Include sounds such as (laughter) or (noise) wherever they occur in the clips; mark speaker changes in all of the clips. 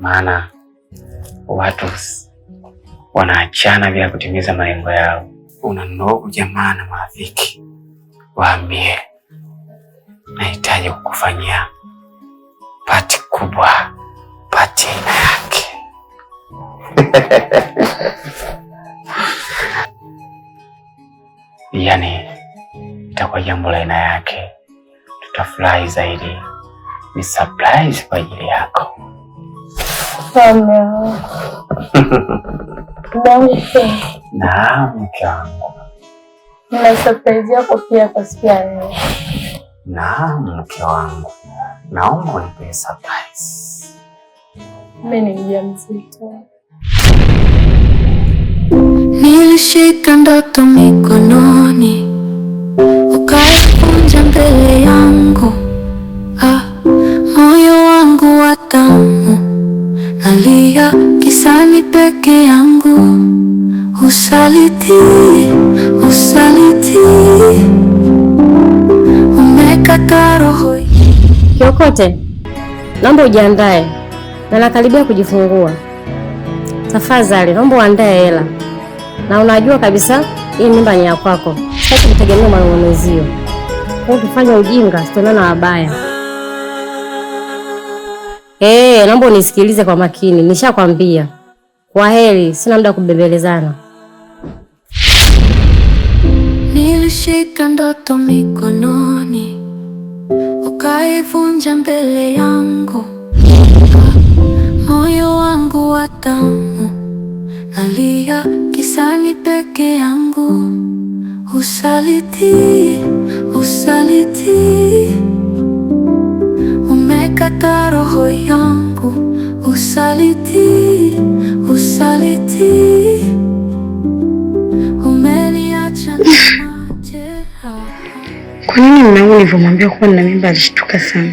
Speaker 1: maana watu wanaachana bila kutimiza malengo yao. Una ndugu jamaa na marafiki, waambie nahitaji kukufanyia pati kubwa, pati aina yake. (laughs) Yani itakuwa jambo la aina yake, tutafurahi zaidi. Ni surprise kwa ajili yako. Naam, mkangu.
Speaker 2: Nina surprise yako pia kwa siku ya leo.
Speaker 1: Naam, mke wangu, naomba unipe surprise.
Speaker 2: Mimi ni mjamzito. Nilishika ndoto mikononi ukaikunja mbele yangu
Speaker 3: alia kisani peke yangu, usaliti usaliti, umekata roho. Kiokote, naomba ujiandae na nakaribia kujifungua. Tafadhali naomba uandae hela, na unajua kabisa hii mimba ni ya kwako, sitaki kutegemea manung'unezio. kufanya ujinga, sitona wabaya. Eh, naomba unisikilize kwa makini, nishakwambia. Kwa heri, sina muda kubembelezana. Nilishika ndoto mikononi, ukaivunja mbele yangu, moyo wangu wa damu nalia kisani peke yangu,
Speaker 2: usaliti usaliti katika roho yangu usaliti, usaliti umeniacha na majeraha. Kwa nini mwanangu nilivyomwambia kuwa nina mimba alishtuka sana?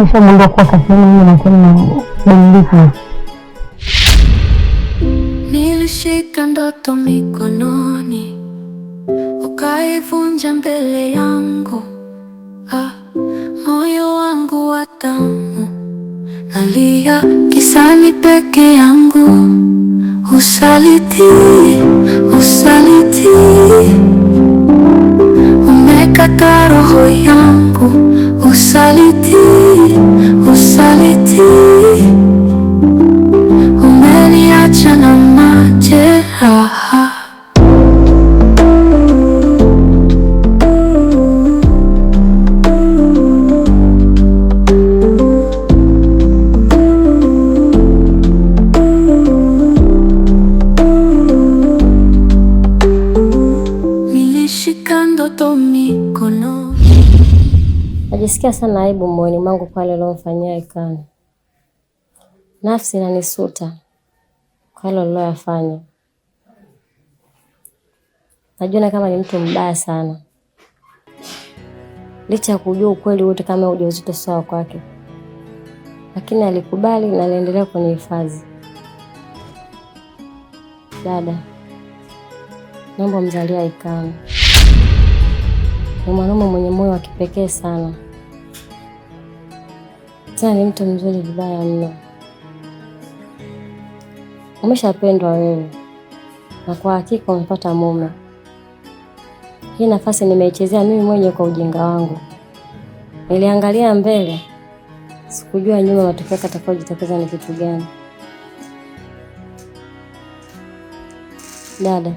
Speaker 3: Nishamwambia kuwa kainanakena nilishika ndoto mikononi ukaivunja mbele yangu ah, moyo wangu wa damu nalia kisani peke yangu, usaliti usaliti, umekata roho yangu, usaliti usaliti, umeniacha na majeraha Najisikia sana aibu moyoni mwangu kwa yale aliyomfanyia Ekana. Nafsi inanisuta kwa yale aliyoyafanya. Najiona kama ni mtu mbaya sana, licha ya kujua ukweli wote kama ujauzito sawa kwake, lakini alikubali na aliendelea hifadhi Dada, naomba mzalia ikana ni mwanaume mwenye moyo wa kipekee sana. Tena ni mtu mzuri vibaya mno. Umeshapendwa wewe, na kwa hakika umepata mume. Hii nafasi nimeichezea mimi mwenye kwa ujinga wangu. Niliangalia mbele, sikujua nyuma matokeo yake jitokeza ni kitu gani. Dada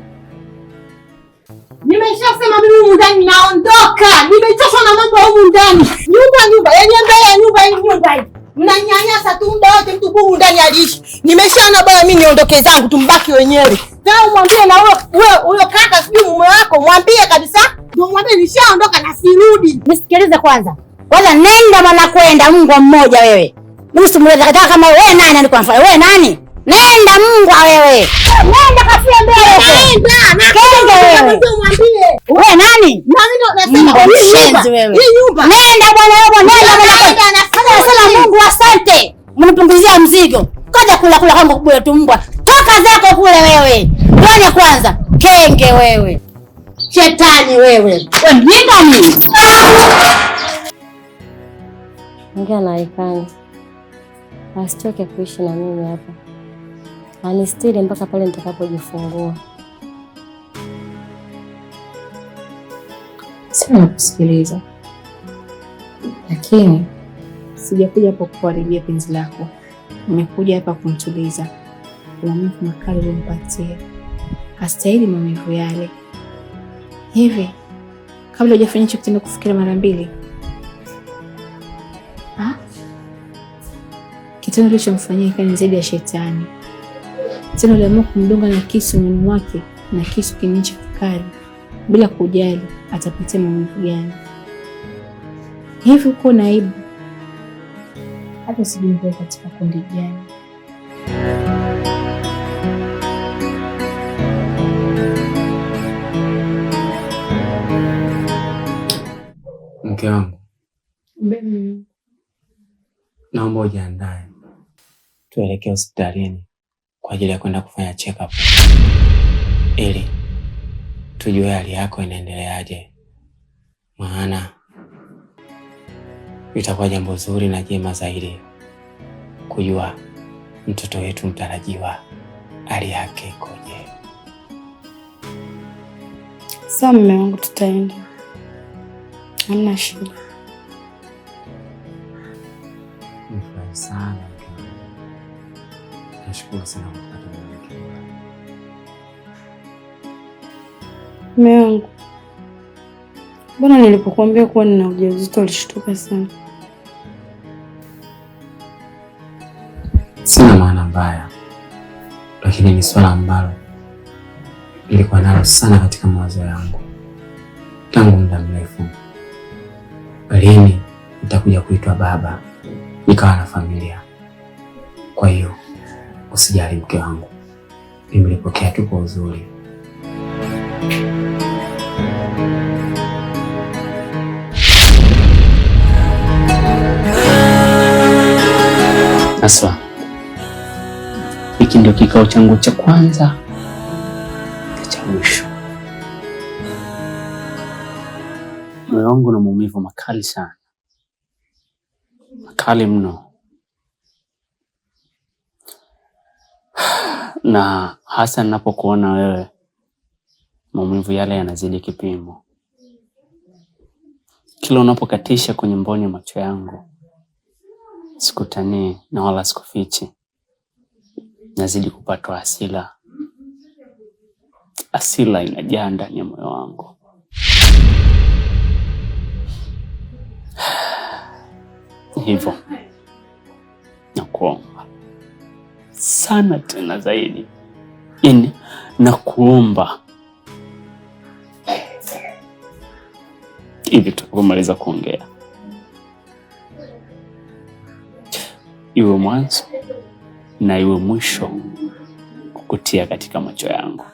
Speaker 4: Nikasema mimi humu ndani naondoka, nimechoshwa na mambo humu ndani. Nyumba nyumba yani mbele ya nyumba hii nyumba hii mnanyanyasa tu muda wote, mtu humu ndani aliishi. Nimeshaona bora mimi niondoke zangu, tumbaki wenyewe. Na mwambie na wewe huyo kaka, sijui mume wako, mwambie kabisa, ndio mwambie nishaondoka na sirudi. Nisikilize kwanza, wala nenda mwanakwenda kwenda, mmoja wewe. Nusu kama wewe nani, alikuwa wewe nani? Nenda Mungu wewe. Nenda kafia mbele.
Speaker 5: Nenda. Kenge wewe.
Speaker 4: Wewe nani?
Speaker 5: Nani ndo wewe.
Speaker 4: Hii nyumba. Nenda bwana wewe, nenda bwana. Nasema Mungu asante. Mnipunguzia mzigo. Kaja kula kula kwangu kule tumbwa. Toka zako kule wewe. Bwana kwanza. Kenge wewe. Shetani wewe. Wewe nani?
Speaker 3: Ngia naifanya. Asitoke kuishi na mimi hapa anistiri mpaka pale nitakapojifungua. Sina la kusikiliza, lakini sijakuja hapa kukuharibia penzi lako, nimekuja hapa kumtuliza. Maumivu makali ulimpatia hastahili maumivu yale. Hivi kabla hujafanya hicho kitendo, kufikira mara mbili kitendo kilichomfanyia ikani zaidi ya shetani. Tena aliamua kumdunga na kisu mwili wake na kisu kingine kikali bila kujali atapitia maumivu gani. Hivi uko na aibu? Hata sijui katika kundi gani.
Speaker 1: Mke wangu, naomba ujiandae tuelekee hospitalini kwa ajili ya kwenda kufanya check up ili tujue hali yako inaendeleaje, maana itakuwa jambo zuri na jema zaidi kujua mtoto wetu mtarajiwa hali yake ikoje.
Speaker 2: Sawa mume wangu, tutaenda, hamna shida.
Speaker 1: Nifurahi sana Nashukuru sana
Speaker 2: mume wangu. Bwana, nilipokuambia kuwa nina ujauzito ulishtuka sana.
Speaker 1: Sina maana mbaya, lakini ni swala ambalo nilikuwa nalo sana katika mawazo yangu tangu muda mrefu. Lini nitakuja kuitwa baba nikawa na familia? Kwa hiyo Usijali mke wangu, nimelipokea tu kwa uzuri. Aswa, hiki ndio kikao changu cha kwanza na cha mwisho. Moyo wangu na maumivu makali sana, makali mno. na hasa ninapokuona wewe, maumivu yale yanazidi kipimo. Kila unapokatisha kwenye mboni macho yangu, sikutanii na wala sikufichi, nazidi kupatwa hasira. Hasira inajaa ndani ya moyo wangu. (sighs) Hivyo nakuomba sana tena zaidi, yaani kuomba hivi tunavyomaliza kuongea, iwe mwanzo na iwe mwisho kukutia katika macho yangu.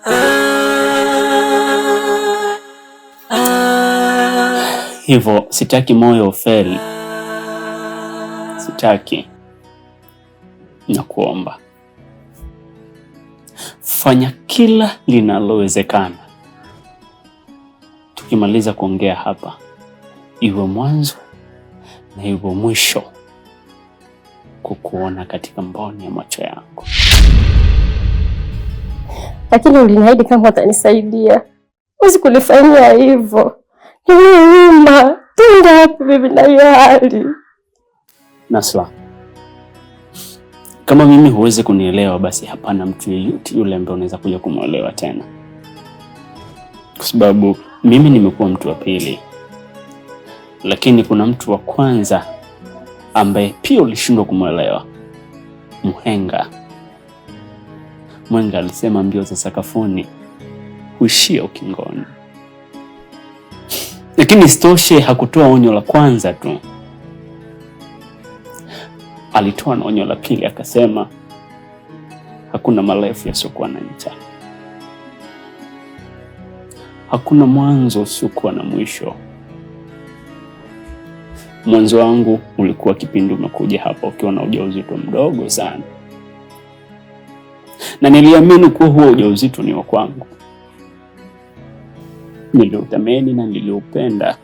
Speaker 1: Hivyo sitaki moyo ufeli, sitaki, na kuomba fanya kila linalowezekana. Tukimaliza kuongea hapa, iwe mwanzo na iwe mwisho kukuona katika mboni ya macho yangu.
Speaker 2: Lakini uliniahidi kama utanisaidia. Huwezi kulifanyia hivyo, ni nyuma. Twende wapi mimi na hiyo hali
Speaker 1: Nasla? Kama mimi huwezi kunielewa, basi hapana mtu yeyote yule ambaye unaweza kuja kumwelewa tena, kwa sababu mimi nimekuwa mtu wa pili, lakini kuna mtu wa kwanza ambaye pia ulishindwa kumwelewa, mhenga. mwenga alisema mbio za sakafuni huishia ukingoni, lakini isitoshe hakutoa onyo la kwanza tu alitoa na onyo la pili akasema, hakuna marefu yasiokuwa na ncha, hakuna mwanzo usiokuwa na mwisho. Mwanzo wangu ulikuwa kipindi umekuja hapa ukiwa na ujauzito mdogo sana, na niliamini kuwa huo ujauzito ni wa kwangu, niliutamani na niliupenda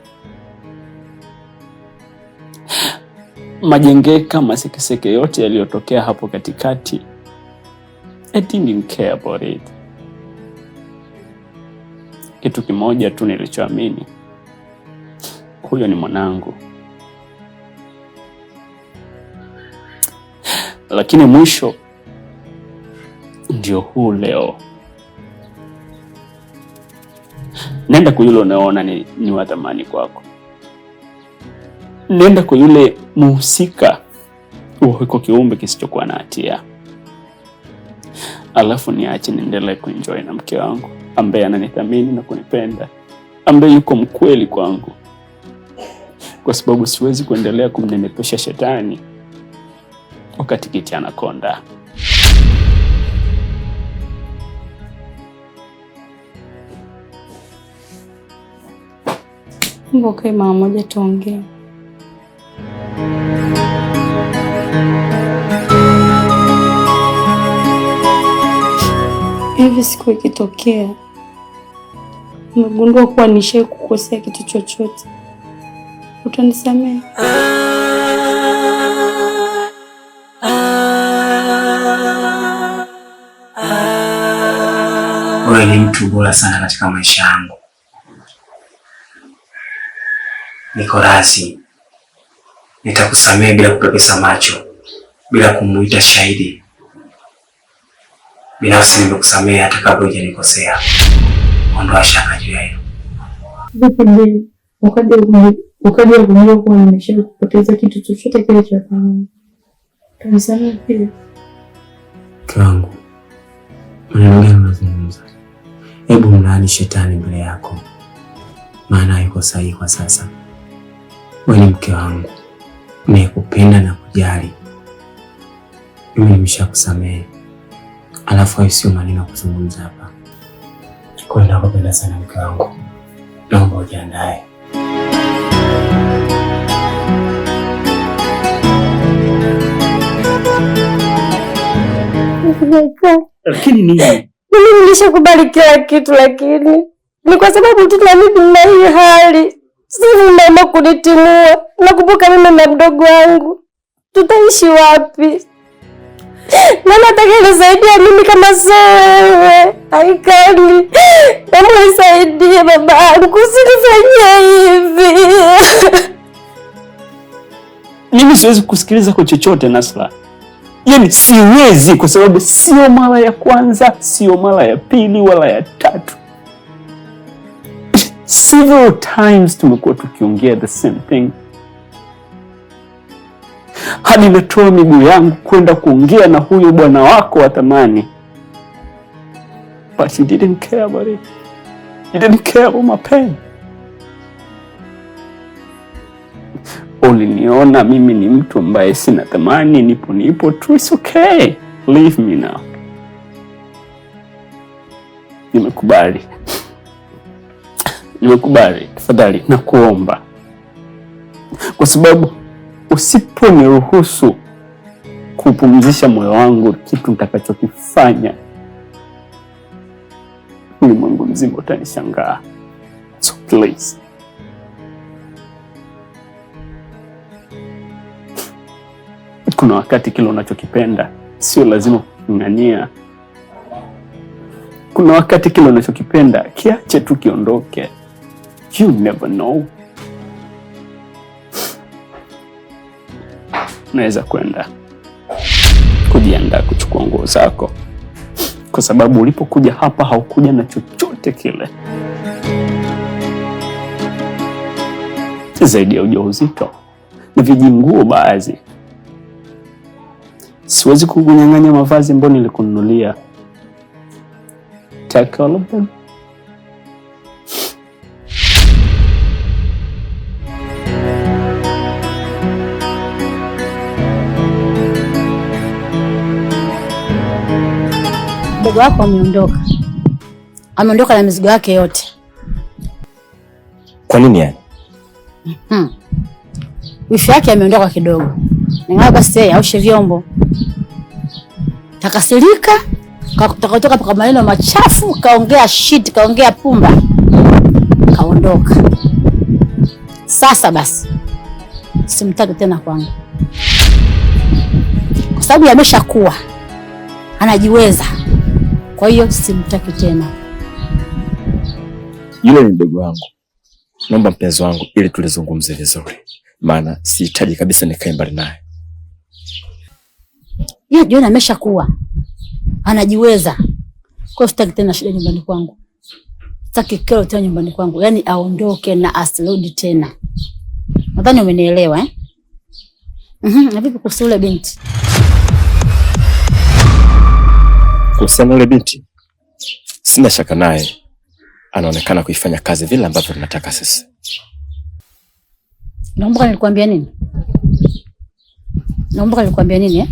Speaker 1: majengeka, masekeseke yote yaliyotokea hapo katikati, I didn't care about it. Kitu kimoja tu nilichoamini, huyo ni mwanangu. Lakini mwisho ndio huu leo. Nenda yule unaoona ni, ni wa thamani kwako nenda kwa yule muhusika uwekwa kiumbe kisichokuwa na hatia, alafu niache niendelee kuenjoy na mke wangu ambaye ananithamini na kunipenda, ambaye yuko mkweli kwangu, kwa sababu siwezi kuendelea kumnenepesha shetani wakati kiti anakonda.
Speaker 2: Mboka mara moja tuongee. Hivi siku ikitokea umegundua kuwa nishe kukosea kitu chochote, utanisamehe?
Speaker 1: Wewe ni mtu bora sana katika maisha yangu, niko nitakusamehe bila kupepesa macho, bila kumuita shahidi. Binafsi nimekusamehe hata kabla hujanikosea. Ondoa shaka juu ya hilo.
Speaker 2: Wakati wa kuwa nimesha kupoteza kitu chochote kile cha thamani kanisamehe pia.
Speaker 1: Kangu maneno gani unazungumza? Hebu mlaani shetani mbele yako, maana yuko sahihi kwa sasa. Wewe ni mke wangu ni kupenda na kujali. Mimi nimeshakusamehe, alafu hayo sio maneno ya kuzungumza hapa. Kwa hiyo nakupenda sana mke wangu, naomba ujiandae. Lakini nini?
Speaker 2: Mimi nilishakubali kila kitu, lakini ni kwa sababu tu na mimi na hii hali sisi mama kunitimua. Nakumbuka mimi na mdogo wangu tutaishi wapi? Nani atakayenisaidia mimi kama sewe? Aikali, nisaidie baba yangu, usinifanyie hivi.
Speaker 1: Mimi siwezi kusikiliza kwa chochote Nasra, yaani siwezi, kwa sababu sio mara ya kwanza, sio mara ya pili wala ya tatu Several times tumekuwa tukiongea the same thing. Hadi natoa miguu yangu kwenda kuongea na huyo bwana wako wa thamani, but he didn't care about it. He didn't care about my pain. Uliniona mimi ni mtu ambaye sina thamani, nipo nipo tu, it's okay. Leave me now. Nimekubali nimekubali, tafadhali nakuomba, kwa sababu usiponiruhusu kupumzisha moyo wangu, kitu nitakachokifanya ulimwengu mzima utanishangaa. So please kuna wakati kile unachokipenda sio lazima kuking'ania. Kuna wakati kile unachokipenda kiache tu kiondoke. You never know. Unaweza kwenda kujiandaa kuchukua nguo zako, kwa sababu ulipokuja hapa haukuja na chochote kile zaidi ya ujauzito na vijinguo baadhi. Siwezi kukunyang'anya mavazi ambayo nilikununulia. Take all of them.
Speaker 3: Mdogo wako ameondoka, ameondoka na mizigo yake yote.
Speaker 1: Kwa nini yani? Hmm.
Speaker 3: Wifi yake ameondoka kidogo, ningawa basi yeye aoshe vyombo, takasirika takatoka paka maneno machafu, kaongea shit, kaongea pumba, kaondoka. Sasa basi simtaki tena kwangu kwa sababu yameshakuwa anajiweza. Kwa hiyo simtaki tena.
Speaker 1: Yule ni mdogo wangu, naomba mpenzi wangu, ili tulizungumze vizuri, maana sihitaji kabisa nikae mbali naye.
Speaker 3: Yeye John ameshakuwa anajiweza, kwa sitaki tena shida nyumbani kwangu, sitaki kero tena nyumbani kwangu, yaani aondoke na asirudi tena. Nadhani umenielewa eh? Mhm, na vipi kuhusu yule binti?
Speaker 1: Kuhusiana yule binti, sina shaka naye anaonekana kuifanya kazi vile ambavyo tunataka sisi.
Speaker 3: Naomba nilikwambia nini? Naomba nilikwambia nini eh?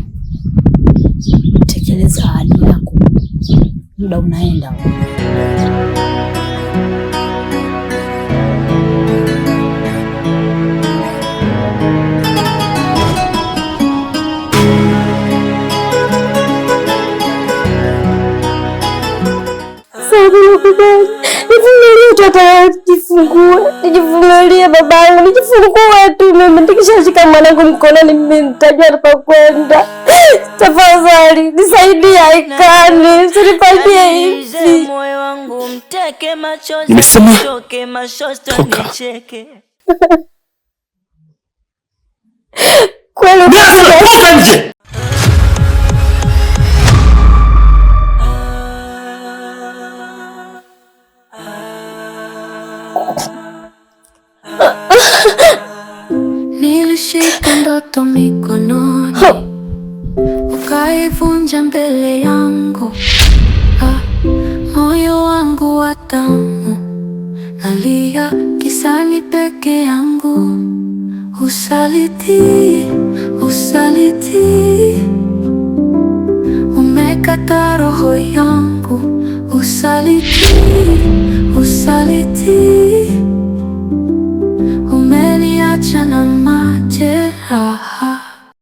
Speaker 3: Tekeleza ahadi yako, muda unaenda.
Speaker 2: nivumilie tu hata jifungua, nijivumilie babangu, nijifungua tu mimi. Nikishashika mwanangu mkononi mimi nitajua nitakwenda. Tafadhali nisaidie Aikane, usinifanyie hivi.
Speaker 1: Nimesema toka
Speaker 2: (laughs) kweli,
Speaker 1: nje Shika ndoto mikononi ukaivunja mbele yangu, moyo wangu wa damu
Speaker 6: nalia kisani peke yangu. Usaliti, usaliti umekata roho yangu, usaliti, usaliti uh-huh.